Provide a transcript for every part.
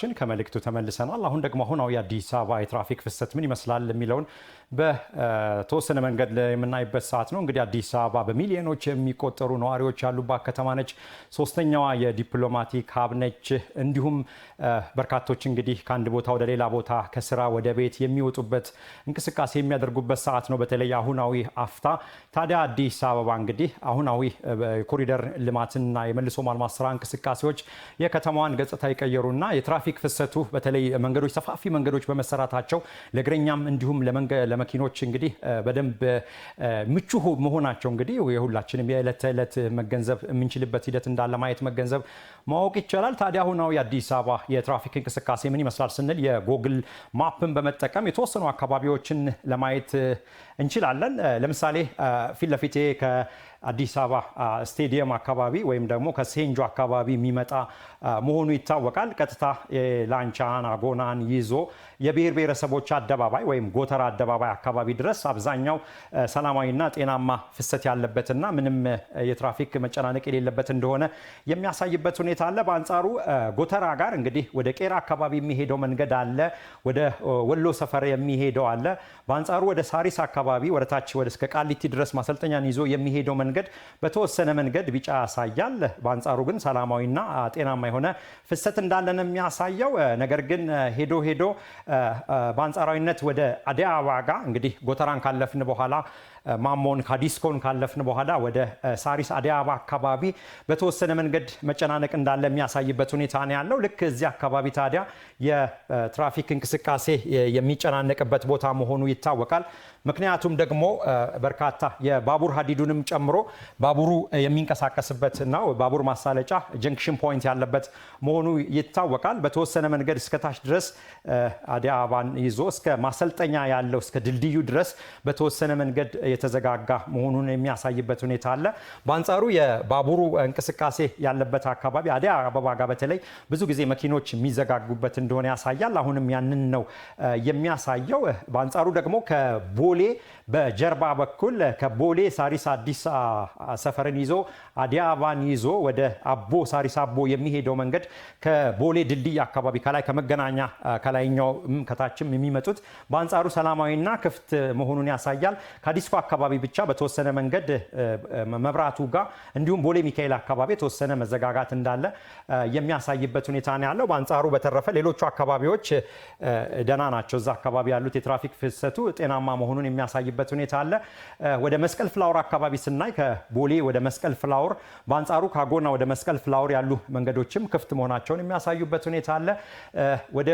ችን ከመልእክቱ ተመልሰናል። አሁን ደግሞ አሁናዊ የአዲስ አበባ የትራፊክ ፍሰት ምን ይመስላል የሚለውን በተወሰነ መንገድ የምናይበት ሰዓት ነው። እንግዲህ አዲስ አበባ በሚሊዮኖች የሚቆጠሩ ነዋሪዎች ያሉባት ከተማ ነች። ሶስተኛዋ የዲፕሎማቲክ ሀብ ነች። እንዲሁም በርካቶች እንግዲህ ከአንድ ቦታ ወደ ሌላ ቦታ ከስራ ወደ ቤት የሚወጡበት እንቅስቃሴ የሚያደርጉበት ሰዓት ነው። በተለይ አሁናዊ አፍታ ታዲያ አዲስ አበባ እንግዲህ አሁናዊ ኮሪደር ልማትና የመልሶ ማልማት ስራ እንቅስቃሴዎች የከተማዋን ገጽታ የትራፊክ የትራፊክ ፍሰቱ በተለይ መንገዶች ሰፋፊ መንገዶች በመሰራታቸው ለእግረኛም እንዲሁም ለመኪኖች እንግዲህ በደንብ ምቹ መሆናቸው እንግዲህ የሁላችንም የዕለት ተዕለት መገንዘብ የምንችልበት ሂደት እንዳለ ማየት መገንዘብ ማወቅ ይቻላል። ታዲያ አሁናዊ የአዲስ አበባ የትራፊክ እንቅስቃሴ ምን ይመስላል ስንል የጎግል ማፕን በመጠቀም የተወሰኑ አካባቢዎችን ለማየት እንችላለን። ለምሳሌ ፊት ለፊቴ ከአዲስ አበባ ስቴዲየም አካባቢ ወይም ደግሞ ከሴንጆ አካባቢ የሚመጣ መሆኑ ይታወቃል። ቀጥታ ላንቻን አጎናን ይዞ የብሔር ብሔረሰቦች አደባባይ ወይም ጎተራ አደባባይ አካባቢ ድረስ አብዛኛው ሰላማዊና ጤናማ ፍሰት ያለበትና ምንም የትራፊክ መጨናነቅ የሌለበት እንደሆነ የሚያሳይበት ሁኔታ አለ። በአንጻሩ ጎተራ ጋር እንግዲህ ወደ ቄራ አካባቢ የሚሄደው መንገድ አለ፣ ወደ ወሎ ሰፈር የሚሄደው አለ። በአንጻሩ ወደ ሳሪስ አካባቢ ወደታች ወደ እስከ ቃሊቲ ድረስ ማሰልጠኛን ይዞ የሚሄደው መንገድ በተወሰነ መንገድ ቢጫ ያሳያል። በአንጻሩ ግን ሰላማዊና ጤናማ የሆነ ፍሰት እንዳለን የሚያሳ የሚያሳየው። ነገር ግን ሄዶ ሄዶ በአንጻራዊነት ወደ አዲስ አበባ ጋር እንግዲህ ጎተራን ካለፍን በኋላ ማሞን ካዲስኮን ካለፍን በኋላ ወደ ሳሪስ አዲያባ አካባቢ በተወሰነ መንገድ መጨናነቅ እንዳለ የሚያሳይበት ሁኔታ ነው ያለው። ልክ እዚህ አካባቢ ታዲያ የትራፊክ እንቅስቃሴ የሚጨናነቅበት ቦታ መሆኑ ይታወቃል። ምክንያቱም ደግሞ በርካታ የባቡር ሀዲዱንም ጨምሮ ባቡሩ የሚንቀሳቀስበት እና ባቡር ማሳለጫ ጀንክሽን ፖይንት ያለበት መሆኑ ይታወቃል። በተወሰነ መንገድ እስከታች ድረስ አዲስ አበባን ይዞ እስከ ማሰልጠኛ ያለው እስከ ድልድዩ ድረስ በተወሰነ መንገድ የተዘጋጋ መሆኑን የሚያሳይበት ሁኔታ አለ። በአንጻሩ የባቡሩ እንቅስቃሴ ያለበት አካባቢ አዲስ አበባ ጋር በተለይ ብዙ ጊዜ መኪኖች የሚዘጋጉበት እንደሆነ ያሳያል። አሁንም ያንን ነው የሚያሳየው። በአንጻሩ ደግሞ ከቦሌ በጀርባ በኩል ከቦሌ ሳሪስ አዲስ ሰፈርን ይዞ አዲስ አበባን ይዞ ወደ አቦ ሳሪስ አቦ የሚሄደው መንገድ ከቦሌ ድልድይ አካባቢ ከላይ ከመገናኛ ከላይኛው ከታችም የሚመጡት በአንጻሩ ሰላማዊና ክፍት መሆኑን ያሳያል። ከአዲስ አካባቢ ብቻ በተወሰነ መንገድ መብራቱ ጋር እንዲሁም ቦሌ ሚካኤል አካባቢ የተወሰነ መዘጋጋት እንዳለ የሚያሳይበት ሁኔታ ነው ያለው። በአንጻሩ በተረፈ ሌሎቹ አካባቢዎች ደህና ናቸው። እዛ አካባቢ ያሉት የትራፊክ ፍሰቱ ጤናማ መሆኑን የሚያሳይበት ሁኔታ አለ። ወደ መስቀል ፍላወር አካባቢ ስናይ ከቦሌ ወደ መስቀል ፍላወር፣ በአንጻሩ ካጎና ወደ መስቀል ፍላወር ያሉ መንገዶችም ክፍት መሆናቸውን የሚያሳዩበት ሁኔታ አለ። ወደ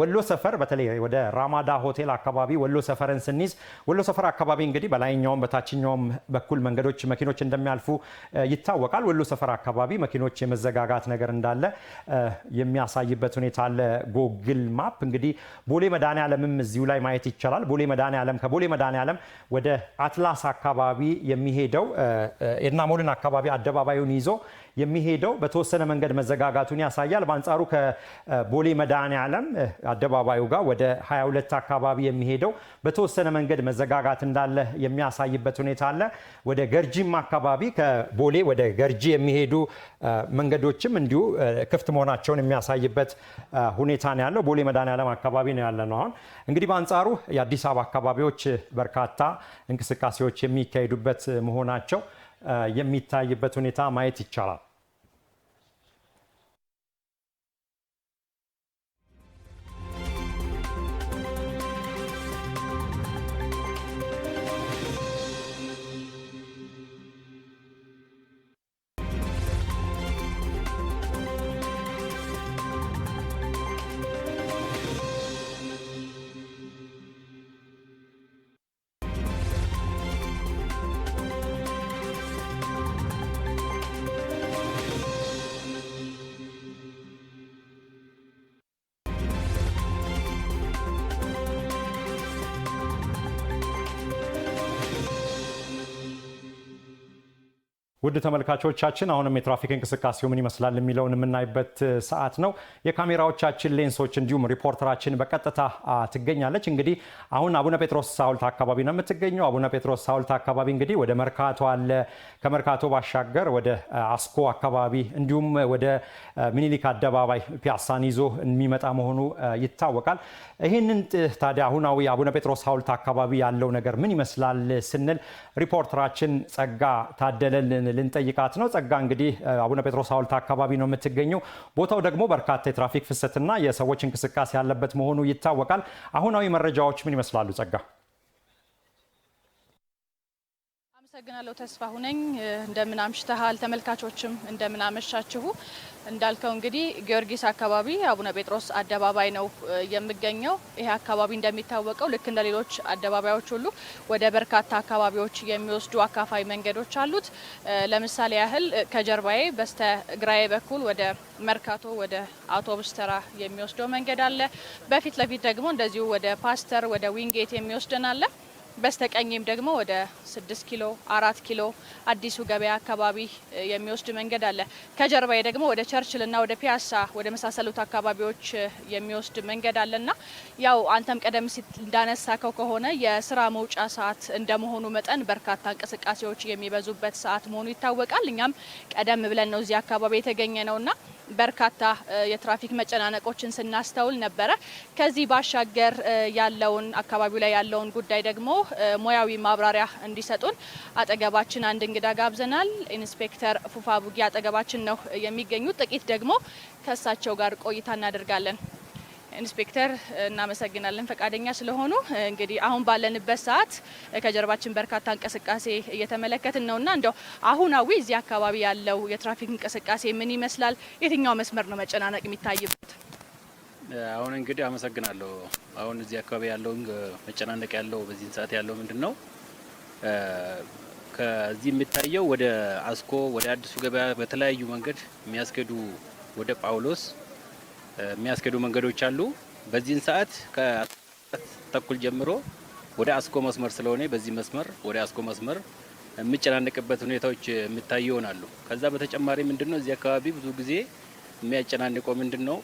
ወሎ ሰፈር በተለይ ወደ ራማዳ ሆቴል አካባቢ ወሎ ሰፈርን ስንይዝ ወሎ ሰፈር አካባቢ እንግዲህ በላይ በላይኛውም በታችኛውም በኩል መንገዶች መኪኖች እንደሚያልፉ ይታወቃል። ወሎ ሰፈር አካባቢ መኪኖች የመዘጋጋት ነገር እንዳለ የሚያሳይበት ሁኔታ አለ። ጎግል ማፕ እንግዲህ ቦሌ መድኃኔ ዓለምም እዚሁ ላይ ማየት ይቻላል። ቦሌ መድኃኔ ዓለም ከቦሌ መድኃኔ ዓለም ወደ አትላስ አካባቢ የሚሄደው ኤድና ሞልን አካባቢ አደባባዩን ይዞ የሚሄደው በተወሰነ መንገድ መዘጋጋቱን ያሳያል። በአንጻሩ ከቦሌ መድኃኔ ዓለም አደባባዩ ጋር ወደ 22 አካባቢ የሚሄደው በተወሰነ መንገድ መዘጋጋት እንዳለ የሚያሳይበት ሁኔታ አለ። ወደ ገርጂም አካባቢ ከቦሌ ወደ ገርጂ የሚሄዱ መንገዶችም እንዲሁ ክፍት መሆናቸውን የሚያሳይበት ሁኔታ ነው ያለው። ቦሌ መድኃኔዓለም አካባቢ ነው ያለ ነው። አሁን እንግዲህ በአንጻሩ የአዲስ አበባ አካባቢዎች በርካታ እንቅስቃሴዎች የሚካሄዱበት መሆናቸው የሚታይበት ሁኔታ ማየት ይቻላል። ውድ ተመልካቾቻችን አሁንም የትራፊክ እንቅስቃሴው ምን ይመስላል የሚለውን የምናይበት ሰዓት ነው። የካሜራዎቻችን ሌንሶች እንዲሁም ሪፖርተራችን በቀጥታ ትገኛለች። እንግዲህ አሁን አቡነ ጴጥሮስ ሐውልት አካባቢ ነው የምትገኘው። አቡነ ጴጥሮስ ሐውልት አካባቢ እንግዲህ ወደ መርካቶ አለ። ከመርካቶ ባሻገር ወደ አስኮ አካባቢ እንዲሁም ወደ ሚኒሊክ አደባባይ ፒያሳን ይዞ የሚመጣ መሆኑ ይታወቃል። ይህንን ታዲያ አሁናዊ አቡነ ጴጥሮስ ሐውልት አካባቢ ያለው ነገር ምን ይመስላል ስንል ሪፖርተራችን ጸጋ ታደለልን ልንጠይቃት ነው። ጸጋ እንግዲህ አቡነ ጴጥሮስ ሐውልት አካባቢ ነው የምትገኘው። ቦታው ደግሞ በርካታ የትራፊክ ፍሰትና የሰዎች እንቅስቃሴ ያለበት መሆኑ ይታወቃል። አሁናዊ መረጃዎች ምን ይመስላሉ ጸጋ? አመሰግናለሁ ተስፋ ሁነኝ እንደምን አምሽተሃል? ተመልካቾችም እንደምን አመሻችሁ። እንዳልከው እንግዲህ ጊዮርጊስ አካባቢ አቡነ ጴጥሮስ አደባባይ ነው የምገኘው። ይሄ አካባቢ እንደሚታወቀው ልክ እንደ ሌሎች አደባባዮች ሁሉ ወደ በርካታ አካባቢዎች የሚወስዱ አካፋይ መንገዶች አሉት። ለምሳሌ ያህል ከጀርባዬ በስተ ግራዬ በኩል ወደ መርካቶ ወደ አውቶቡስ ተራ የሚወስደው መንገድ አለ። በፊት ለፊት ደግሞ እንደዚሁ ወደ ፓስተር ወደ ዊንጌት የሚወስደን አለ። በስተቀኝም ደግሞ ወደ ስድስት ኪሎ አራት ኪሎ አዲሱ ገበያ አካባቢ የሚወስድ መንገድ አለ። ከጀርባዬ ደግሞ ወደ ቸርችልና ወደ ፒያሳ ወደ መሳሰሉት አካባቢዎች የሚወስድ መንገድ አለ እና ያው አንተም ቀደም ሲል እንዳነሳከው ከሆነ የስራ መውጫ ሰዓት እንደመሆኑ መጠን በርካታ እንቅስቃሴዎች የሚበዙበት ሰዓት መሆኑ ይታወቃል። እኛም ቀደም ብለን ነው እዚህ አካባቢ የተገኘ ነውና በርካታ የትራፊክ መጨናነቆችን ስናስተውል ነበረ። ከዚህ ባሻገር ያለውን አካባቢው ላይ ያለውን ጉዳይ ደግሞ ሙያዊ ማብራሪያ እንዲሰጡን አጠገባችን አንድ እንግዳ ጋብዘናል። ኢንስፔክተር ፉፋ ቡጊ አጠገባችን ነው የሚገኙት። ጥቂት ደግሞ ከእሳቸው ጋር ቆይታ እናደርጋለን። ኢንስፔክተር እናመሰግናለን ፈቃደኛ ስለሆኑ። እንግዲህ አሁን ባለንበት ሰዓት ከጀርባችን በርካታ እንቅስቃሴ እየተመለከትን እና እንደው አሁናዊ እዚህ አካባቢ ያለው የትራፊክ እንቅስቃሴ ምን ይመስላል? የትኛው መስመር ነው መጨናነቅ የሚታይበት? አሁን እንግዲህ አመሰግናለሁ። አሁን እዚህ አካባቢ ያለው መጨናነቅ ያለው በዚህን ሰዓት ያለው ምንድን ነው? ከዚህ የሚታየው ወደ አስኮ ወደ አዲሱ ገበያ በተለያዩ መንገድ የሚያስገዱ ወደ ጳውሎስ የሚያስኬዱ መንገዶች አሉ። በዚህን ሰዓት ከአስራት ተኩል ጀምሮ ወደ አስኮ መስመር ስለሆነ በዚህ መስመር ወደ አስኮ መስመር የሚጨናነቅበት ሁኔታዎች የሚታዩ ይሆናሉ። ከዛ በተጨማሪ ምንድን ነው እዚህ አካባቢ ብዙ ጊዜ የሚያጨናንቀው ምንድን ነው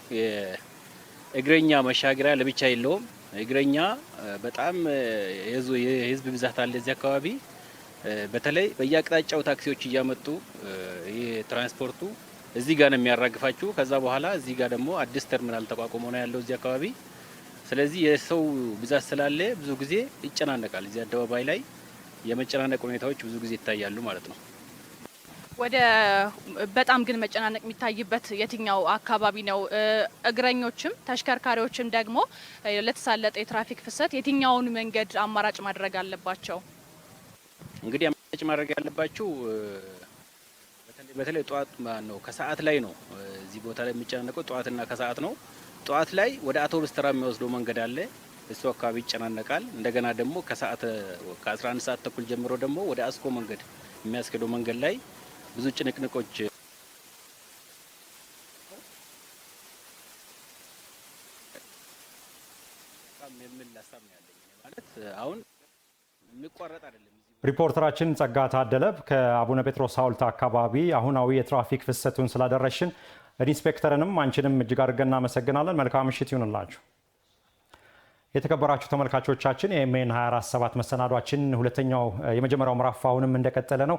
እግረኛ መሻገሪያ ለብቻ የለውም። እግረኛ በጣም የህዝብ ብዛት አለ እዚህ አካባቢ። በተለይ በየአቅጣጫው ታክሲዎች እያመጡ ይህ ትራንስፖርቱ እዚህ ጋር ነው የሚያራግፋችሁ። ከዛ በኋላ እዚህ ጋር ደግሞ አዲስ ተርሚናል ተቋቁሞ ነው ያለው እዚህ አካባቢ። ስለዚህ የሰው ብዛት ስላለ ብዙ ጊዜ ይጨናነቃል። እዚህ አደባባይ ላይ የመጨናነቅ ሁኔታዎች ብዙ ጊዜ ይታያሉ ማለት ነው። ወደ በጣም ግን መጨናነቅ የሚታይበት የትኛው አካባቢ ነው? እግረኞችም ተሽከርካሪዎችም ደግሞ ለተሳለጠ የትራፊክ ፍሰት የትኛውን መንገድ አማራጭ ማድረግ አለባቸው? እንግዲህ አማራጭ ማድረግ ያለባቸው በተለይ ጠዋት ነው ከሰዓት ላይ ነው እዚህ ቦታ ላይ የሚጨናነቀው ጠዋትና ከሰዓት ነው። ጠዋት ላይ ወደ አቶ ብስተራ የሚወስደው መንገድ አለ። እሱ አካባቢ ይጨናነቃል። እንደገና ደግሞ ከሰዓት ከ11 ሰዓት ተኩል ጀምሮ ደግሞ ወደ አስኮ መንገድ የሚያስኬደው መንገድ ላይ ብዙ ጭንቅንቆች የሚል ሀሳብ ነው ያለኝ። ማለት አሁን የሚቋረጥ አይደለም። ሪፖርተራችን ጸጋ ታደለብ ከአቡነ ጴጥሮስ ሐውልት አካባቢ አሁናዊ የትራፊክ ፍሰቱን ስላደረሽን ኢንስፔክተርንም አንቺንም እጅግ አድርገን እናመሰግናለን። መልካም ምሽት ይሁንላችሁ። የተከበራችሁ ተመልካቾቻችን የኤኤምኤን 24 መሰናዷችን ሁለተኛው የመጀመሪያው ምዕራፍ አሁንም እንደቀጠለ ነው።